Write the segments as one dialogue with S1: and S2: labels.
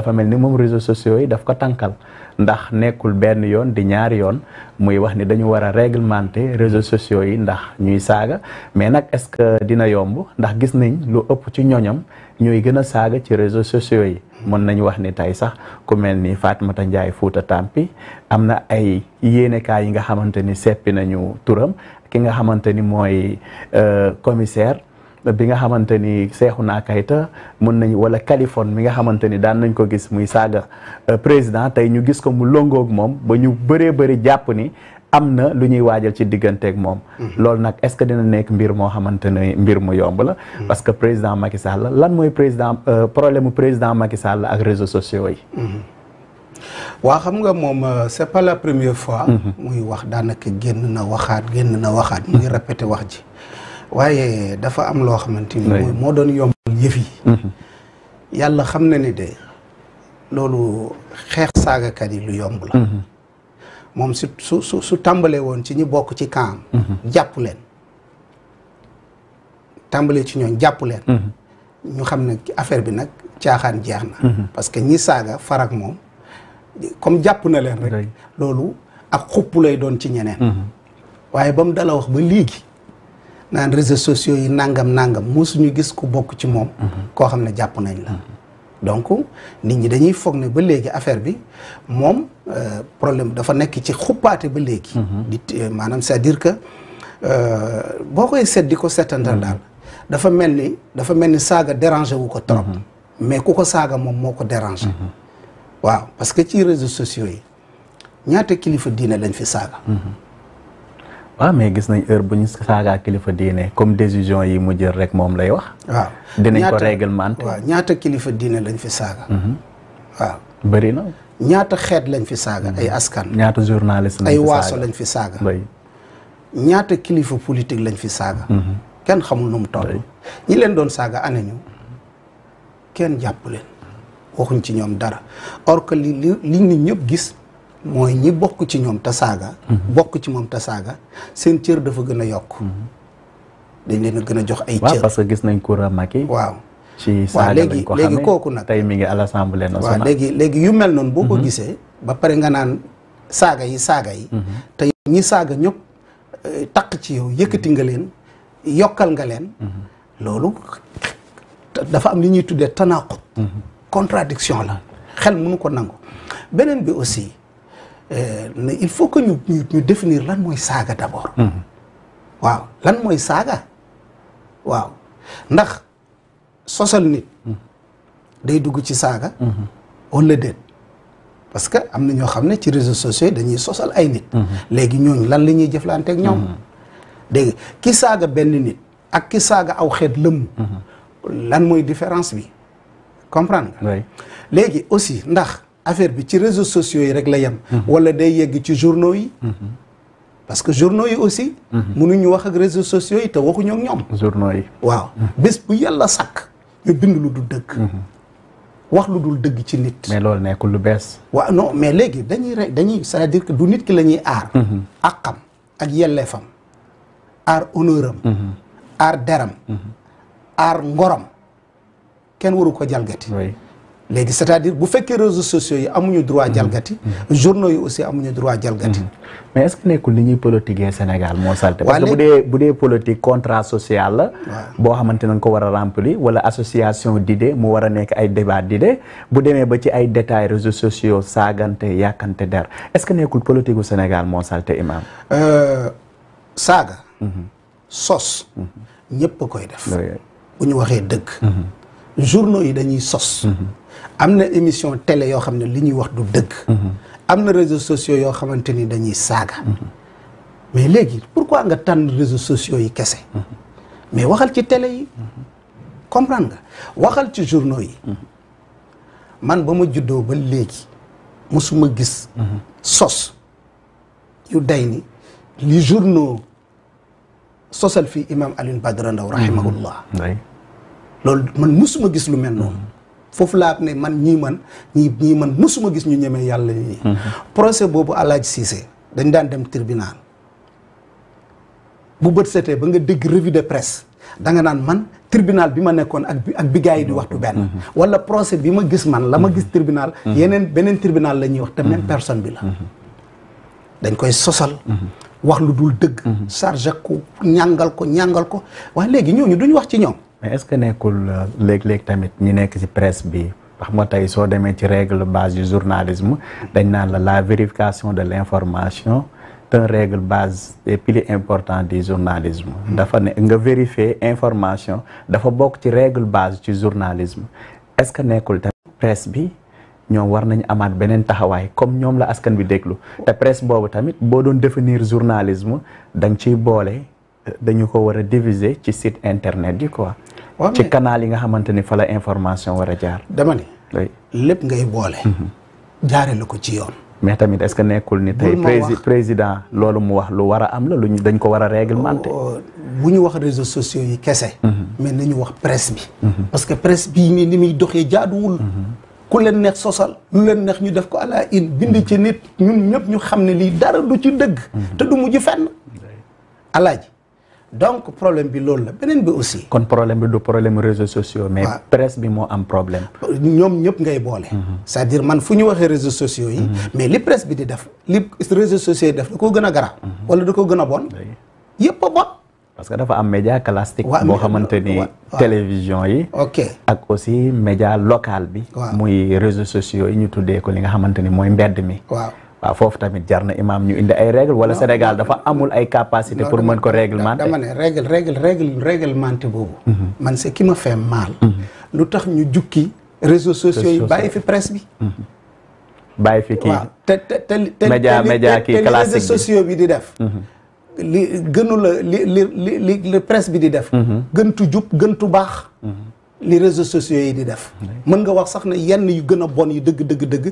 S1: dafa mel ni moom réseaux sociaux yi daf ko tànkal ndax nekkul benn yoon di ñaari yoon muy wax ni dañu war a réglementer réseaux sociaux yi ndax ñuy saaga mais nag est-ce que dina yomb ndax gis nañ lu ëpp ci ñoñam ñooy gën a saaga ci réseaux sociaux yi mën nañu wax ni tey sax ku mel ni Fatoumata Ndiaye Fouta tàmpi am na ay yéenekaay yi nga xamante ni seppi nañu turam ki nga xamante ni mooy euh, commissaire bi nga xamante ni Seexuna Kayta mën nañu wala Californie mi nga xamante ni daan nañ ko gis muy saaga euh, président tey ñu gis ko mu longoog moom ba ñu bëree bëri jàpp ni am na lu ñuy waajal ci digganteeg moom mm-hmm. loolu nag est-ce que dina nekk mbir moo xamante ne mbir mu yomb la mm-hmm. parce que président Macky Sall lan mooy président euh, problème mu président Macky Sall ak réseaux sociaux yi mm-hmm. waa xam nga moom euh, c'est pas la première fois muy wax daanaka génn na waxaat génn na waxaat muy wax ji waaye dafa am loo xamante ni moo doon yombu yëf yi mhm. yàlla xam na ni de loolu xeex saagakat yi lu yomb la mhm. moom su su su su tàmbalee woon ci ñi bokk ci kaam mhm. jàpp leen tàmbalee ci ñoom jàpp leen ñu xam ne affaire bi nag caaxaan jeex na parce que ñi saaga farak moom comme jàpp na leen rek loolu ak xupp lay doon ci ñeneen waaye ba dala wax ba léegi naan réseaux sociaux yi nangam nangam mosuñu gis ku bokk ci moom. koo xam ne jàpp nañ la. donc nit ñi dañuy foog ne ba léegi affaire bi moom euh, problème dafa nekk ci xuppaate ba léegi. Mhm. di maanaam cest dire que euh, boo koy seet di ko seetantal daal mhm. dafa mel ni dafa mel ni saaga dérangé wu ko trop. Mhm. mais ku ko saaga moom moo ko dérangé. waaw parce que ci réseau sociaux yi ñaata kilifa diine lañ fi saaga. waaw mais gis nañ heure bu ñu saagaa kilifa diine comme décision yi mu jël rek moom lay wax. waaw dinañ ko réglementé. waaw ñaata kilifa diine lañ fi saaga. Mhm. waaw bëri na. ñaata xeet lañ fi saaga mhm. ay askan. ñaata journaliste lañ fi saaga lañ fi saaga. ñaata kilifa politique lañ fi saaga. Mhm. kenn xamul nu mu ñi leen doon saaga ana ñu kenn jàpp leen waxuñ ci ñoom dara or que li li nit ñëpp gis. mooy ñi bokk ci ñoom te saaga bokk ci moom te saaga seen cër dafa gën a yokk mhm. dañ leen gën a jox ay cër parce que gis nañ Coura Macky waaw ci saaga léegi léegi kooku nag tey mi ngi à l'Assemblée nationale waaw léegi léegi yu mel noonu boo ko mhm. gisee ba pare nga naan saaga yi saaga yi mhm. te ñi saaga ñëpp eh, takk ci yow yëkkati nga leen yokkal nga leen loolu dafa am li ñuy tuddee tanaaqut contradiction la xel mënu ko nangu beneen bi aussi ne euh, il faut que ñu ñu définir lan mooy saaga d'abord. Mm-hmm. waaw lan mooy saaga waaw ndax sosal nit. Mm-hmm. day dugg ci saaga. Mm-hmm. wala déet parce que am na ñoo xam ne ci réseau sociaux dañuy sosal ay nit. léegi ñooñu lan la ñuy jëflanteeg ñoom. dégg ki saaga benn nit ak ki saaga aw xeet lëmm. lan mooy différence bi comprendre nga. léegi aussi ndax. affaire bi ci réseaux sociaux yi rek la yem. Mhm. wala day yegg ci journaux yi. Mhm. parce que journaux yi aussi. Mhm. mënuñu wax ak réseaux sociaux yi te waxuñu ñoom. journaux yi waaw bés bu yàlla sàkk ñu bind lu du dëgg. wax lu dul dëgg ci nit. lool loolu nekkul lu bees. waaw non mais léegi dañuy rek dañuy sa à dire du nit ki la ñuy aar. àqam ak yelleefam aar honneuram. aar deram. aar ngoram kenn waru ko jalgati. léegi c'est-à-dire bu fekkee réseaux sociaux yi amuñu droit jalgati. journaux yi aussi amuñu droit jalgati. mais est nekkul ni ñuy politiquer Sénégal moo salté parce que bu dee bu dee politique contrat social la. boo xamante nañ ko war a remplir wala association d'idées mu war a nekk ay di d'idées bu demee ba ci ay détails réseaux sociaux saagante yàkkante der est-ce que nekkul politique gu Sénégal moo salté imam euh, saaga. Mhm. sos. Mhm. ñëpp koy def. bu ñu waxee dëgg. Mhm. journaux yi dañuy sos. am na émission télé yoo xam ne li ñuy wax du dëgg. am na réseau sociaux yoo xamante ni dañuy saaga. mais léegi pourquoi nga tànn réseaux sociaux yi kese. mais waxal ci télé yi. comprendre nga waxal ci journaux yi. man ba ma juddoo ba léegi musuma gis. sos yu day ni li journaux sosal fii imam Alioune Badara Ndao rahimahullah mmh. loolu man musuma gis lu mel noonu. foofu laa ne man ñii man ñii ñii man musuma gis ñu ñemee yàlla ñii. Mm-hmm. procès boobu Alaaji Cissé dañ daan dem tribunal bu bët setee ba nga dégg revue de presse da nga naan man tribunal bi ma nekkoon ak bi ak bi yi di waxtu benn. Mm-hmm. wala procès bi ma gis man la ma gis mm-hmm. tribunal. yeneen beneen tribunal la ñuy wax te même personne bi la. dañ koy sosal. wax lu dul dëgg. chargé ko ñàngal ko ñàngal ko waaye léegi ñooñu duñ wax ci ñoom. mais est-ce que nekkul euh, léeg tamit ñi nekk ci presse bi xam nga tey soo demee ci régle base du journalisme dañ naan la la vérification de l'information te régle base des piliers importants du journalisme. dafa ne nga vérifier information dafa bokk ci régle base ci journalisme est-ce que nekkul tamit presse bi. ñoom war nañu amaat beneen taxawaay comme ñoom la askan bi déglu te presse boobu tamit boo doon définir journalisme da ci boole euh, dañu ko war a diviser ci site internet yi quoi. ci canal yi nga xamante ni fa la information war a jaar. dama lépp ngay boole. Mhm. jaare la ko ci yoon. mais tamit est-ce que nekkul ni tey. président loolu mu wax lu war a am la lu ñu dañ ko war a réglementer. Oh, oh, bu ñu wax réseaux sociaux yi kese. Mhm. mais ñu wax presse bi. Mhm. parce que presse bii nii ni muy doxee jaaduwul. ku leen neex sosal lu leen neex ñu def ko à la bind ci nit ñun ñëpp ñu xam ne lii dara du ci dëgg. te du mujj fenn. alaaji donc problème bi loolu la beneen bi aussi. kon problème bi du problème réseaux sociaux. mais presse bi moo am problème. ñoom ñëpp ngay boole. Mhm. sa à dire man fu ñu waxee réseaux sociaux yi. Mhm. mais li presse bi di def li réseaux sociaux yi def da koo gën a garaaw. Mhm. wala da koo gën a bon. yëpp a bon. parce que dafa am média classique. boo xamante ni télévision yi. ok ak aussi média local bi. muy réseaux sociaux yi ñu tuddee ko li nga xamante ni mooy mbedd mi. waaw foofu tamit jar na imaam ñu indi ay règle wala Sénégal dafa amul ay capacité pour mën ko réglementer dama ne règle règle règle boobu mhm. man se qui me fait mhm. lu tax ñu jukki réseaux sociaux yi bàyyi fi presse bi mhm. bàyyi fi kii waaw te te média média kii classique réseaux bi di def li gënu la li li bi di def gëntu jub gëntu baax li réseaux sociaux yi di def mën nga wax sax ne yenn yu gën a bon yu dëgg dëgg dëgg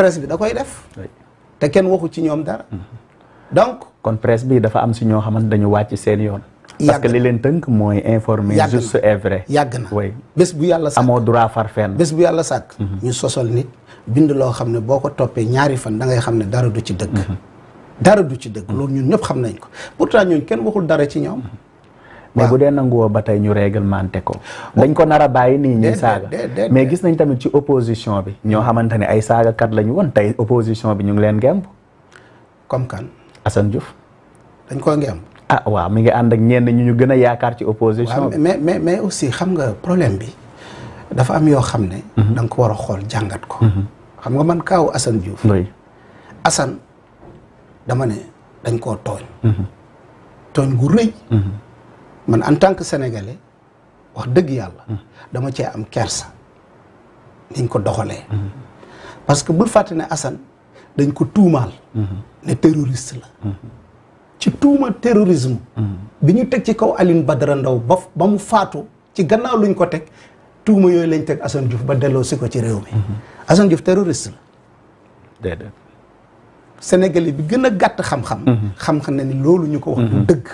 S1: presse bi da koy def te kenn waxu ci ñoom dara. donc kon presse bi dafa am si ñoo xamante dañu wàcc seen yoon. parce que li leen tënk mooy informer. juste et vrai yàgg na bés bu yàlla sàkk amoo droit far fenn. bés bu yàlla sàkk. Mhm. ñu sosol nit bind loo xam ne boo ko toppee ñaari fan da ngay xam ne dara du ci dëgg. Mhm. dara du ci dëgg. Mhm. loolu ñun ñëpp xam nañ ko pourtant ñooñu kenn waxul dara ci ñoom. mais bu dee nanguwoo ba tey ñu réglementé ko dañ ko nar a bàyyi nii ñuy saaga mais gis nañ tamit ci opposition bi ñoo xamante ne ay saagakat la ñu woon tey opposition bi ñu ngi leen ngemb comme kan Assane Diouf dañ ko ngemb ah waaw mi ngi ànd ak ñenn ñu ñu gën a yaakaar ci opposition bi mais mais mais aussi xam nga problème bi dafa am yoo xam ne mhm. da nga ko war a xool jàngat ko mhm. xam nga man kaaw Assane Diouf Assane dama ne dañ koo tooñ mhm. tooñ gu rëy man en tant que sénégalais wax dëgg yàlla. Hmm. dama cee am kersa. niñ ko doxalee. Hmm. parce que bul fàtte ne Assane dañ ko tuumaal. Hmm. ne terroriste la. ci tuuma terrorisme. bi ñu teg ci kaw Alioune Badara ndaw ba ba mu faatu ci gannaaw luñ ko teg tuuma yooyu lañ teg Assane Diouf ba delloo si ko ci réew mi. Assane Diouf terroriste la. déedéet. Sénégalais bi gën a gàtt xam-xam. xam-xam na ni loolu ñu ko wax du dëgg.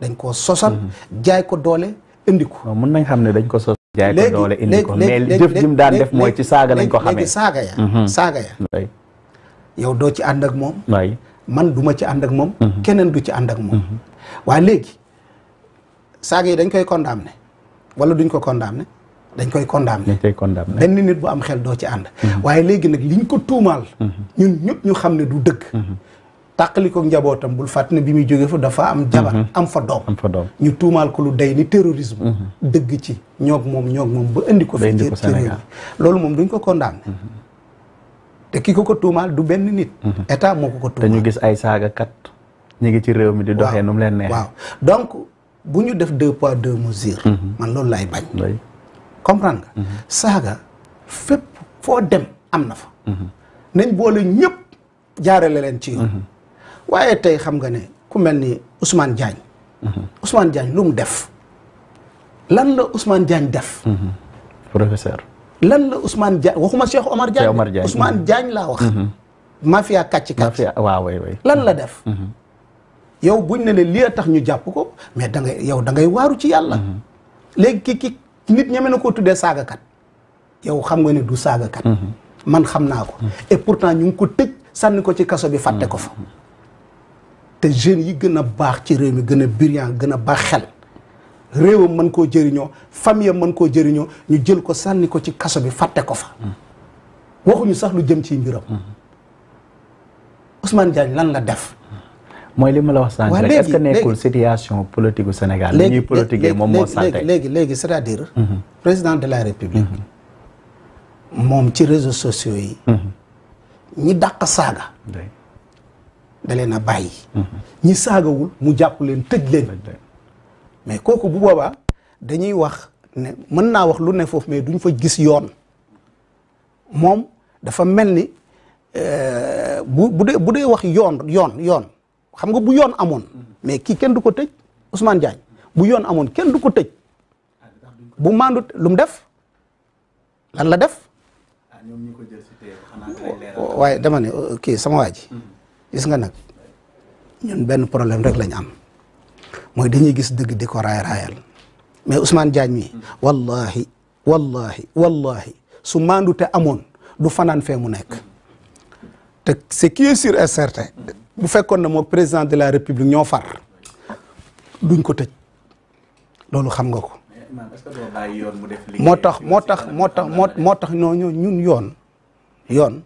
S1: dañ koo sosal. Mhm. jaay ko doole indi ko. mën nañ xam ne dañ ko sosal. jaay ko doole indi ko mais jëf jim daan def mooy ci saaga lañ ko xamee léegi saaga ya. Mhm. saaga yow doo ci ànd ak moom. waay man duma ci ànd ak moom. Mhm. keneen du ci ànd ak moom. waaye léegi saaga yi dañ koy condamné wala duñ ko condamné. dañ koy condamné dañ koy benn nit bu am xel doo ci ànd. waaye léegi nag liñ ko tuumaal. ñun ñu xam ne du dëgg. tàqali ko njabootam bul fàtt bi muy jóge fa dafa am jabar mhm. am fa doom am fa doom ñu tuumaal ko lu day ni terrorisme mhm. dëgg ci ñoog moom ñoog moom ba indi ko fi ci loolu moom duñ ko condamné mhm. te ko ko tuumaal du benn nit état moo ko gis ay saagakat ñu ci réew mi di doxe nu leen neex waaw donc bu ñu def deux poids deux mesures man loolu laay bañ comprendre nga saaga fépp foo dem am na fa nañ boole ñëpp jaarale leen ci yoon waaye tey xam nga ne ku mel ni usmaan Diagne. Mhm. usmaan Diagne lu mu def. lan la usmaan Diagne def. Mhm. professeur. lan la usmaan Diagne waxuma Cheikh Omar Diagne. Cheikh Omar Diagne Ousmane mhm. laa wax. mafia kàcc kàcc. mafia waaw lan la def. yow buñ ne ne lii a tax ñu jàpp ko mais da ngay yow da ngay waaru ci yàlla. léegi ki ki nit ñeme na koo tuddee saagakat. yow xam nga ne du saagakat. man xam naa ko. et pourtant ñu ngi ko tëj sànni ko ci kaso bi fàtte ko fa. te jeunes yi gën a baax ci réew mi gën a brillant gën a baax xel réewam man koo jëriñoo famille am mën koo jëriñoo ñu jël ko sànni ko ci kaso bi fàtte ko fa waxuñu sax lu jëm ci mbiram Ousmane Diagne lan la def mooy li ma la wax sànq rek est-ce que nekkul situation politique Sénégal moom moo santé léegi léegi cest à mhm. président de la République mhm. moom ci réseaux sociaux yi mhm. ñi dàq saaga da leen a bàyyi. Mm-hmm. ñi saagawul mu jàpp leen tëj leen. mais kooku bu boobaa dañuy wax ne mën naa wax lu ne foofu mais duñ fa gis yoon moom dafa mel ni euh, bu bu dee wax yoon yoon yoon xam nga bu yoon amoon. Mm-hmm. mais kii kenn du ko tëj Ousmane Diagne bu yoon amoon kenn du ko tëj bu maandu lu mu def lan la def. Ah, waaye dama ne euh, kii sama waa ji mm-hmm. gis nga nag ñun benn problème rek lañ am mooy dañuy gis dëgg di ko raay raayal mais Ousmane Diagne mi wallahi wallahi wallahi su maandu te amoon du fanaan fee mu nekk te ce qui est sûr et certain bu fekkoon na moo président de la république ñoo far duñ ko tëj loolu xam nga ko moo tax moo tax moo tax moo moo tax ñooñu ñun yoon yoon